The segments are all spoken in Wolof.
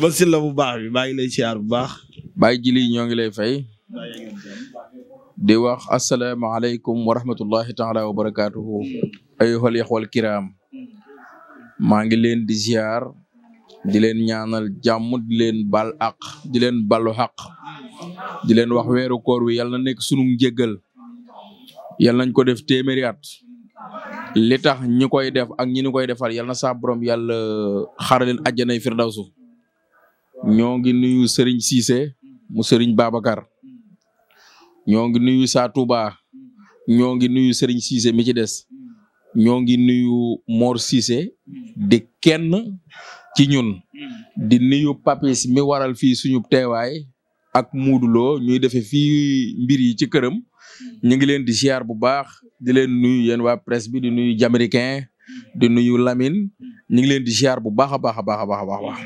Basile la bu baax bi maa ngi lay siyaar bu baax. Baye Jili ñoo ngi lay fay. di wax asalaamaaleykum wa rahmatullahi taala wa barakaatuhu. ayyuhal yaxwal kiraam. maa ngi leen di ziar di leen ñaanal jàmm leen bal àq di leen balu xaq di leen wax weeru koor wi yàlla na nekk sunu njëggal yàlla nañ ko def téeméeri at li tax ñi koy def ak ñi ñu koy defal yàlla na saa borom yàlla xaar leen àjjanay firdawsu ñoo ngi nuyu Serigne Cissé mu Serigne Babacar ñoo ngi nuyu Saa Touba ñoo ngi nuyu Serigne Cissé mi ci des ñoo ngi nuyu Mor Cissé di kenn ci ñun di nuyu papis mi waral fii suñu teewaay ak muuduloo ñuy defee fii mbir yi ci këram ñu ngi leen di siyaar bu baax di leen nuyu yéen waa presse bi di nuyu Jaméricain di nuyu Lamine ñu ngi leen di siyaar bu baax a baax a baax a baax a baax.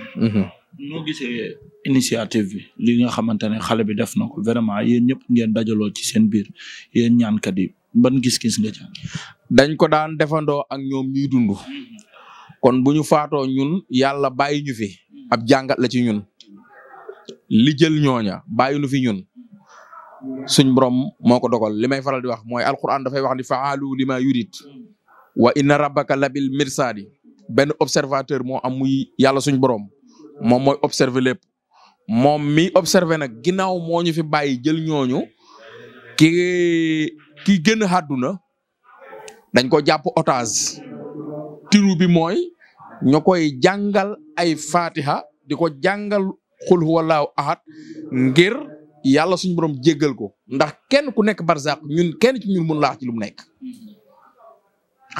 noo gisee initiative bi li nga xamante ne xale bi def na ko vraiment yéen ñëpp ngeen dajaloo ci seen biir yéen ñaankat yi ban gis-gis nga dañ ko daan defandoo ak ñoom ñuy dund kon bu ñu faatoo ñun yàlla bàyyi ñu fi ab jàngat la ci ñun li jël ñooña bàyyi ñu fi ñun suñ borom moo ko dogal li may faral di wax mooy alquran dafay wax ni faalu lima yurid wa inna rabbaka labil mirsaadi benn observateur moo am muy yàlla suñ borom moom mooy observer lépp moom mi observer nag ginnaaw moo ñu fi bàyyi jël ñooñu ki ki gën a àdduna dañ ko jàpp otage tiru bi mooy ñu koy jàngal ay fatiha di ko jàngal xul huwallaahu ahad ngir yàlla suñ borom jéggal ko ndax kenn ku nekk barzaq ñun kenn ci ñun mun laax ci lu mu nekk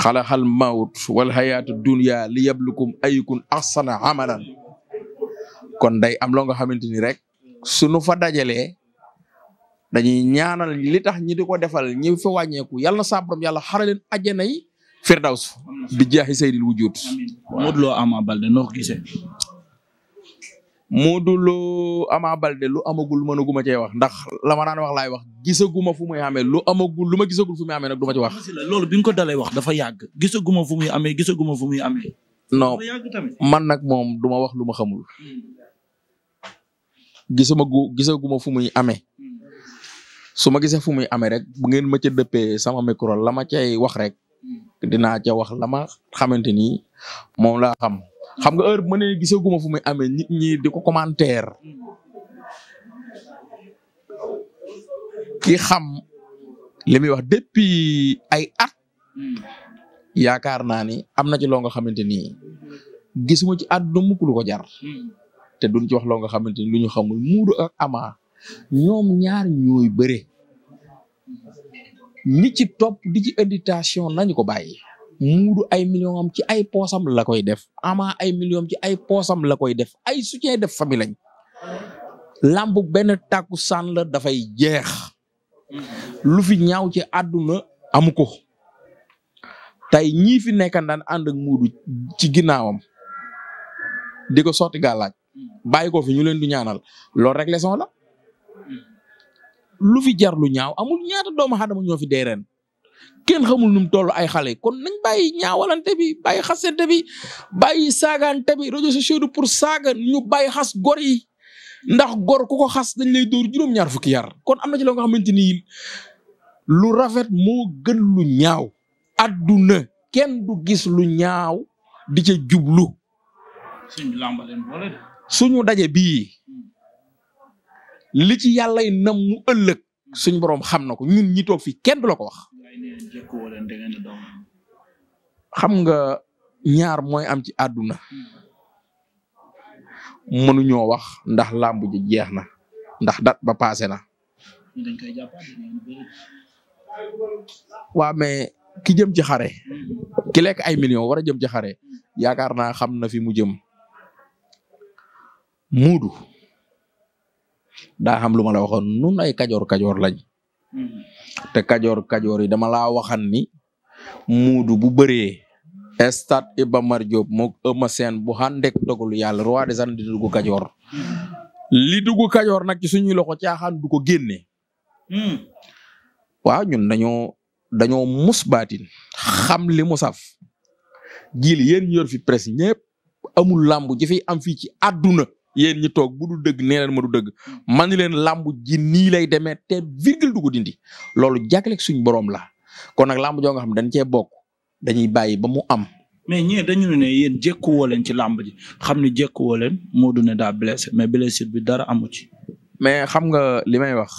xalaxal mawt wal xayaatu dunya li yablukum ayukum ahsana amalan kon day am loo nga xamante ni rek nu fa dajalee dañuy ñaanal li tax ñi di ko defal ñi fa wàññeeku yàlla na sàbram yàlla xara leen àjjana yi firdaws bi jaaxi saydil wujud Modou loo Ama Baldé noo gisee Modou Lo Ama Baldé lu amagul mënaguma cee wax ndax la ma wax laay wax gisaguma fu muy amee lu amagul lu ma gisagul fu muy amee nag du ma wax loolu bi nga ko dalee wax dafa yàgg gisaguma fu muy amee gisaguma fu muy man nag moom duma wax lu xamul hmm. gisuma gu gisaguma fu muy amee su ma gisee fu muy amee rek bu ngeen ma ca dëppee sama micro la ma cay wax rek dinaa ca wax lama ma xamante ni moom laa xam xam nga heure bu ma nee gisaguma fu muy amee nit ñi di ko commentaire ki xam li muy wax depuis ay at yaakaar naa ni am na ci loo nga xamante ni gisuma ci at mukk lu ko jar. te duñ ci nga xamante ni lu ñu xamul muudu ak ñoom ñaar ñooy bëre ñi ci topp di ci inditation ko bàyyi. muudu ay millions ci ay poosam la koy def ama ay millions ci ay poosam la koy def ay soutien def famille lañ làmb benn tàkku saan la dafay jeex lu fi ñaaw ci àdduna amu ko tey ñii fi nekkan daan ànd ak muudu ci ginnaawam di ko sotti gàllaaj bàyyi ko fi ñu leen du ñaanal loolu rek leçon la lu fi jar lu ñaaw amul ñaata doomu aadama ñoo fi dee ren kenn xamul num toll ay xale kon nañ bàyyi ñaawalante bi bàyyi xasante bi bàyyi saagaante bi réseaux sociaux du pour saaga ñu bàyyi xas gor yi ndax gor ku ko xas dañ lay dóor juróom-ñaar fukki yar kon am na ci loo nga xamante ni lu rafet moo gën lu ñaaw. adduna kenn du gis lu ñaaw di ca jublu. suñu daje bii li ci yàllay nam mu ëllëg suñu borom xam na ko ñun ñi toog fii kenn du la ko wax. xam nga ñaar mooy am ci àdduna mënuñoo wax ndax làmb ji jeex na ndax dat ba passé na. waa mais ki jëm ci xare ki lekk ay millions wara jëm ci xare yaakaar naa xam na fi mu jëm. muudu daa xam lu ma la waxoon nun ay kajoor kajoor lañ te kajoor kajoor yi dama la waxan ni muudu bu bëree stade Iba Mar Diop moog Eumeu Sène bu xandek dogalu yàlla roi des arènes di kajoor li dugg kajoor nag ci suñuy loxo caaxaan du ko génne hmm. waaw ñun dañoo dañoo xam li mu saf jili yéen ñu yor fi presse ñëpp amul làmb ji fi am fii ci àdduna yéen ñi toog bu du dëgg nee leen ma du dëgg hmm. man ni leen làmb ji nii lay demee te virgule du ko dindi loolu jagleeg suñ borom la kon nag làmb joo nga xam dañ cee bokk dañuy bàyyi ba mu am. mais ñii dañu ne yéen jékkuwoo leen ci làmb ji xam ni jékkuwoo leen moo du ne daa blessé mais blessure bi dara amu ci. mais xam nga li may wax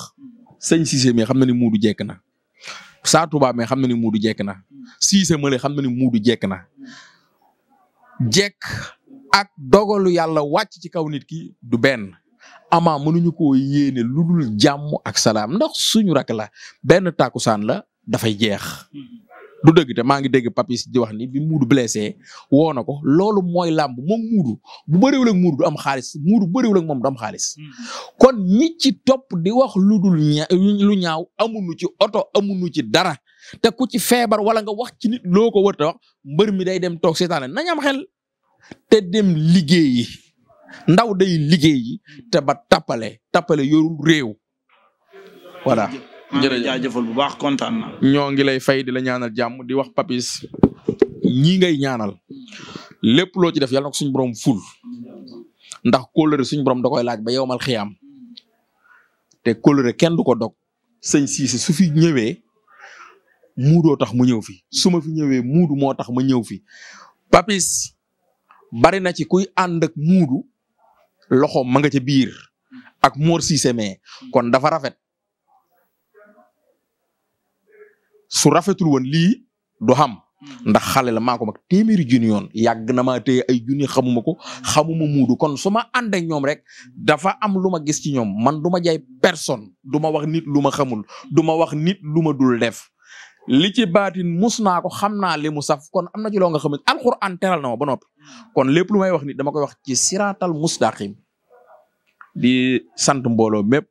sëñ Cissé xam na ni muudu jekk na saa Touba mais xam na ni muudu jekk na hmm. Cissé Mële xam na ni muudu jekk na jekk ak dogalu yàlla wàcc ci kaw nit ki du benn ama mënuñu koo yéene lu dul jàmm ak salaam ndax suñu rak la benn saan la dafay jeex. du dëgg te maa ngi dégg papis di wax ni bi muudu blessé woo na ko loolu mooy làmb moom muudu bu bëriwul ak muudu du am xaalis muudu bu bëriwul ak moom du am xaalis hmm. kon ñi ci topp di wax ludul dul ña lu ñaaw amuñu ci oto amuñu ci dara te ku ci feebar wala nga wax ci nit loo ko wër te wax mbër mi day dem te dem liggéeyi ndaw day liggéeyi te ba tappale tappale yorul réew voilà. jërëjëf jaajëfal bu baax kontaan na. ngi lay fay di la ñaanal jàmm di wax papis ñii ngay ñaanal lépp loo ci def yàlla suñ ko borom ful ndax kóllëre suñu borom da koy laaj ba yowmal xiyaam te kóllëre kenn du ko dog sëñ Cissé su fi ñëwee muudoo tax mu ñëw fi su ma fi ñëwee muudu moo tax ma ñëw fi papis bari na ci kuy ànd ak muudu loxo ma nga ca biir ak Mor Cissé kon dafa rafet su rafetul woon lii du xam ndax xale la maa ko mag téeméeri junni yoon yàgg na maa téye ay junni xamuma ko xamuma muudu kon su ma ànd ñoom rek dafa am lu ma gis ci ñoom man du ma jaay personne du ma wax nit lu ma xamul du ma wax nit lu ma dul def li ci baatin mus naa ko xam naa li mu saf kon am na ci loo nga xam ne alxuraan teral na ma ba noppi kon lépp lu wax ni dama koy wax ci siraatal mustaqim di sant mbooloo mépp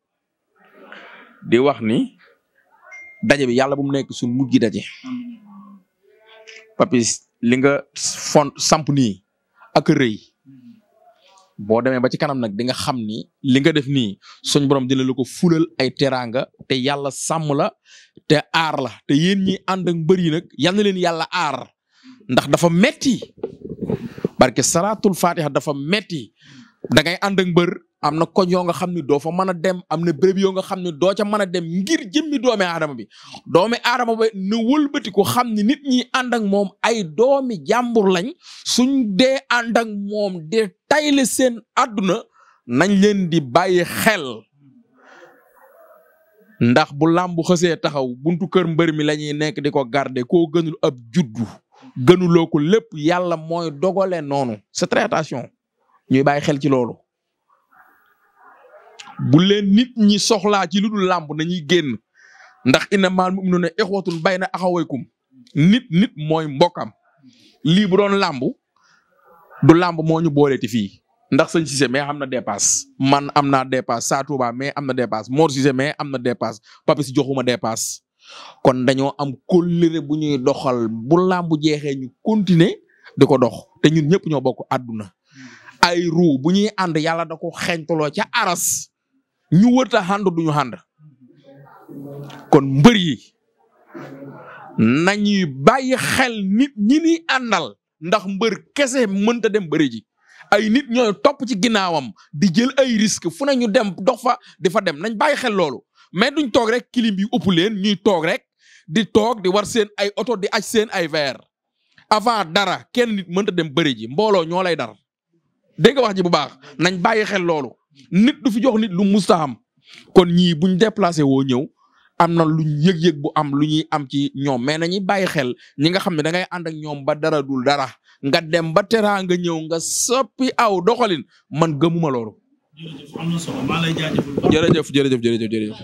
di wax ni daje bi yàlla bu mu nekk suñ mujj daje papis li nga font samp nii ak rëy boo demee ba ci kanam nag di nga xam ni li nga def nii suñ borom dina la ko fulal ay teraanga te yàlla sàmm la te aar la te yéen ñi ànd ak mbër yi nag yal leen yàlla aar ndax dafa metti barke salaatul fatiha dafa metti da ngay ànd am na koñ yoo nga xam ni doo fa mën a dem am na béréb yoo nga xam ne doo ca mën a dem ngir jëmmi doomi adama bi doomi aadama bi na wëlbati ko xam ni nit ñi ànd ak moom ay doomi jàmbur lañ suñ dee ànd ak moom dee tayle seen àdduna nañ leen di bàyyi xel ndax bu làmbu xësee taxaw buntu kër mbër mi la ñuy nekk di ko garde koo gënul ab juddu gënuloo ko lépp yàlla mooy dogale noonu c'est très attention ñuy bàyyi xel ci loolu bu leen nit ñi soxlaa ci lu dul na nañuy génn ndax mu innamal mu'minuna ikhwatun bayna akhawaykum nit nit mooy mbokkam lii bu doon làmb du làmb moo ñu booleeti fii ndax sëñ Cissé mais xam na dépasse man am naa depas saa Touba mais am na dépasse Mor Cissé mais am na dépasse Papis joxuma dépasse kon dañoo am kóllëre bu ñuy doxal bu làmb jeexee ñu continuer di ko dox te ñun ñëpp ñoo bokk àdduna ay ruu bu ñuy ànd yàlla da ko xeñtuloo ca aras ñu wërta xànd duñu xànd kon mbër yi nañuy bàyyi xel nit ñi ni àndal ndax mbër kese mënta dem bëri ji ay nit ñooy topp ci ginnaawam di jël ay risque fu ne ñu dem dox fa di fa dem nañ bàyyi xel loolu mais duñ toog rek kilim bi ëpp leen ñuy toog rek di toog di war seen ay oto di aj seen ay verre avant dara kenn nit mënta dem bëri ji mbooloo ñoo lay dar dégg nga wax ji bu baax nañ bàyyi xel loolu nit du fi jox nit lu musta am kon ñii buñ déplacé woo ñëw am na luñ yëg-yëg bu am lu ñuy am ci ñoom mais nañuy bàyyi xel ñi nga xam ne da ngay ànd ak ñoom ba dara dul dara nga dem ba teraa nga ñëw nga soppi aw doxalin man gëmuma loolu. jërëjëf am na solo maa lay